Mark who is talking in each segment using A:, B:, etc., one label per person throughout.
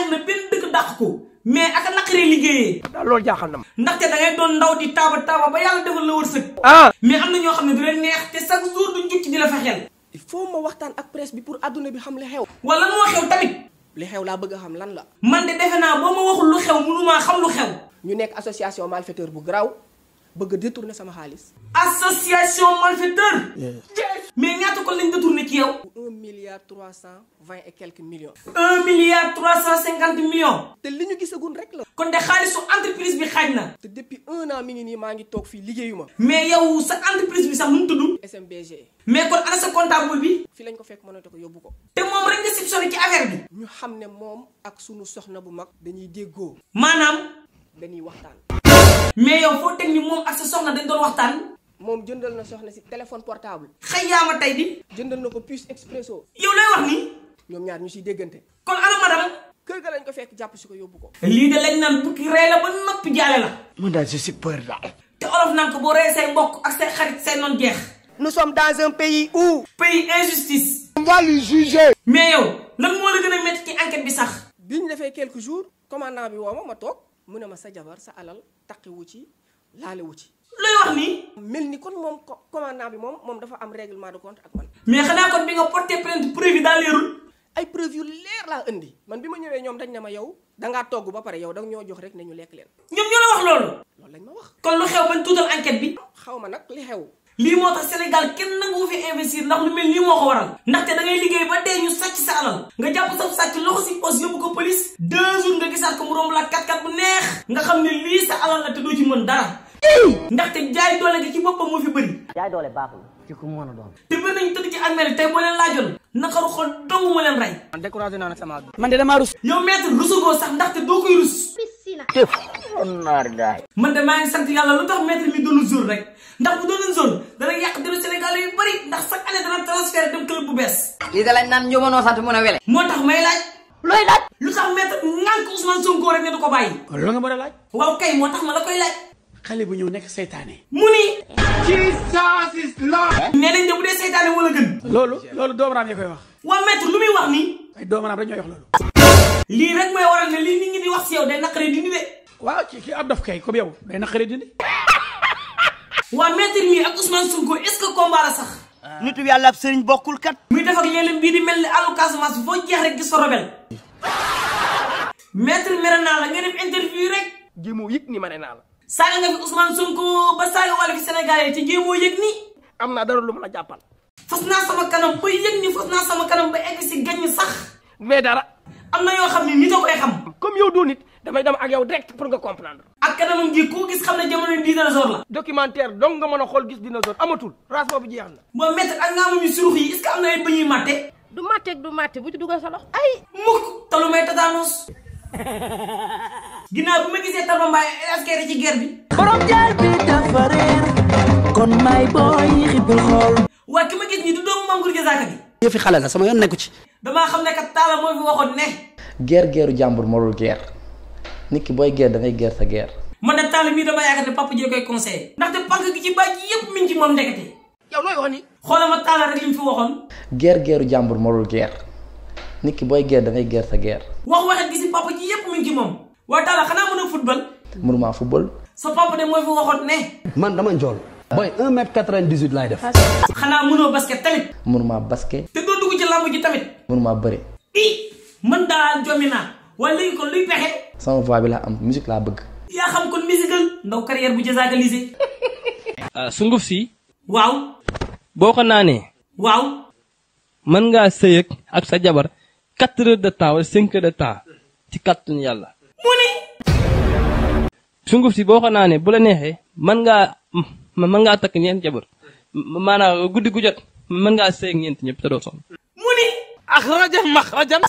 A: neex na benn dëkk dàq ko mais ak ma. da ngay doon ndaw di taaba taaba ba la wërsëg. ah. mais am na ne du leen neex te chaque jour duñ jukki di la fexeel.
B: il faut ma waxtaan ak presse bi pour adduna bi xam li xew. wala moo xew tamit. li xew laa bëgg a xam lan la. man de defe naa boo ma waxul lu xew mënumaa xam lu xew. ñu nekk association malfaiteur bu garaaw bëgg a détourner sama xaalis. mais ñaata ko lañ détourné ci yow. un milliard trois cent vingt et quelques millions. un milliard trois cent cinquante millions. te li ñu gisagul rek la. kon de xaalisu entreprise bi xaaj na. te depuis un an mi ngi nii maa ngi toog fii liggéeyuma. mais yow sa entreprise bi sax nu mu tudd. SMBG. mais kon ana sa comptable bi. fii lañ ko fekk mënate ko yóbbu ko. te moom rek nga soupçonné ci affaire bi. ñu xam ne moom ak sunu soxna bu mag. dañuy déggoo. maanaam. dañuy waxtaan. mais yow foo teg ni moom ak sa soxna dañ mom jëndal na soxna ci téléphone portable. xëy tay tey di. jëndal nako ko puce expresso. yow lay wax ni ñom ñaar ñu ci déggante. kon ana madam keur ga lañ ko fekk japp ci ko yobbu ko. li de lañ nan bukki rey la ba noppi jaale la.
A: man da je suis peur daal.
B: te olof naan ko boo rey say mbokk ak say xarit say non jeex. nous sommes dans un pays où.
A: pays injustice. on va le juger. mais yow
B: lan mo la gëna a métti ci enquête bi sax. biñu ñu defee quelques jours commandant bi woma ma tok toog mu ne ma sa jabar sa alal taqiwu ci. laale wu ci. looy wax nii. mel ni kon moom commandant bi moom moom dafa am règlement de compte ak man. mais xanaa kon bi nga porté plainte preuve yi leerul. ay preuve yu leer laa indi man bi ma ñëwee ñoom dañ ne ma yow dangaa togg ba pare yow danga ñoo jox rek ne ñu lekk leen. ñoom ñoo la wax loolu. loolu lañ ma wax. kon lu xew bañ tuutal enquête bi. xaw ma nag li xew. lii moo tax Sénégal kenn nangu fi investir ndax
A: lu mel nii moo ko waral. ndaxte da ngay liggéey ba dee ñu sàcc sa alal. nga jàpp sa sàcc loxo si police deux jours nga gissat ko mu romb la 4 4 bu neex nga xamni li sa alal la te do ci mën dara ndax te jaay doole gi ci bopam mo fi bëri jaay doole baaxul ci ku mën a doon te be nañ tëdd ci almeri tey boo leen laajoon naqaru xol dong mo len ray man découragé na nag sama man de dama rus yow maître rusu go sax ndax te do koy rus def man de maa ngi sant yalla lu tax maître mi doonul jour rek ndax bu jour da nga yak dem sénégal yu bëri ndax chaque année na transfert dem club bu bees lii da lañ naan njóobanoo sant mun a wele moo may laaj loy laaj lu tax met ngànk Ousmane Sonko rek ne du ko bàyyi lo nga mo a laaj waaw kay motax ma la koy laaj xale bu ñew nek setané muni Jesus is Lord eh? ne lañ ne bu dé setané wala gën lolu lolu doom ram yakoy ya, wax wa maître lu mi wax ni ay doomaraam rek ñooy wax lolu li rek moy waral ne li nit ñi di wax ci yow day naqaree dindi dé waaw ci ki adof kay ko yow day naqaree dindi wa maître mi ak Ousmane Sonko est-ce que combat la sax nitu yàlla ab sëriñ bokkul kat. muy def ak léeg-léeg bii di mel ni alu Casamance foo jeex rek gis sa robel. maître mere naa la nga def interview rek. jéemoo yëg ni mere naa la. saaga nga fi Ousmane Sonko ba saaga wala fi Sénégal yi te yëg ni. am naa dara lu ma la jàppal. fas naa sama kanam ba yëg ni fas naa sama kanam ba egg si gañ sax. mais dara. am na yoo xam ne nit a koy xam. comme yow doo nit. damay dem ak yow direct pour nga comprendre ak kanam ngi ko gis xamna ne jamono dinosaur la documentaire dong nga mën xol gis dinosaur amatul race bobu jeex na moo métti ak nga amuñu surux yi est ce amna ay bañuy maté du maté du maté bu ci dugal sa lox ay mukk talu may tatanus ginnaaw bu ma gisee Tarba Mbaye askeere ci guerre bi borom jaar
B: bi dafa kon my boy xibul xol
A: wa ki gis ni du dom mangur bi
B: xala la sama yon neku ci
A: dama xam ne kat tala moo fi waxone ne
B: guerre guerre morul guerre niki boy guer da ngay guer sa guer
A: man da taalim yi dama yaakaar ne papa Diop koy ndax te pànk gi ci bàjj yëpp mi ngi ci mom ndekati yow looy wax ni. xoolal ma rek lim fi waxon
B: guer gueru jambour morul guer niki boy guer da ngay guer sa guer
A: wax waxet gi ci papa ji yep min ci mom wa tala xana mën a football.
B: mënuma football.
A: sa papa de moy fi waxoon ne.
B: man dama njool. boy 1 m 98 lay def.
A: xanaa mënoo basket tamit.
B: mënuma basket. te
A: do dugg ci lamb ji tamit. mënuma beure i man daal jomina naa wala léegi luy pexé
B: sama voix bi laa am musique laa bëgg.
A: yaa xam kon musical
B: ah, sunguf si. waaw. boo ko naanee.
A: waaw. mën ngaa sëyëg ak sa jabar quatre heures de temps cinq de temps ci kàttanu yàlla. sunguf si boo naanee bu la neexee man ngaa man ngaa takk ñeent jabar maanaa guddi gu jot mën ngaa sëyëg
B: ñeent ñëpp te doo sonn.
A: mu ne. ak ah,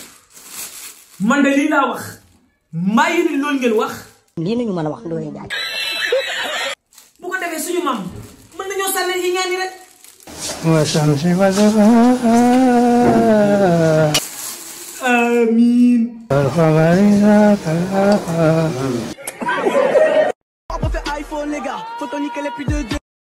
A: man de lii laa wax maa ngi loolu ngeen wax. lii nañu mën a wax Ndoye Ndiaye. bu ko defee suñu maam mën nañoo sànni yi ñaan yi rek. amiin. amiin.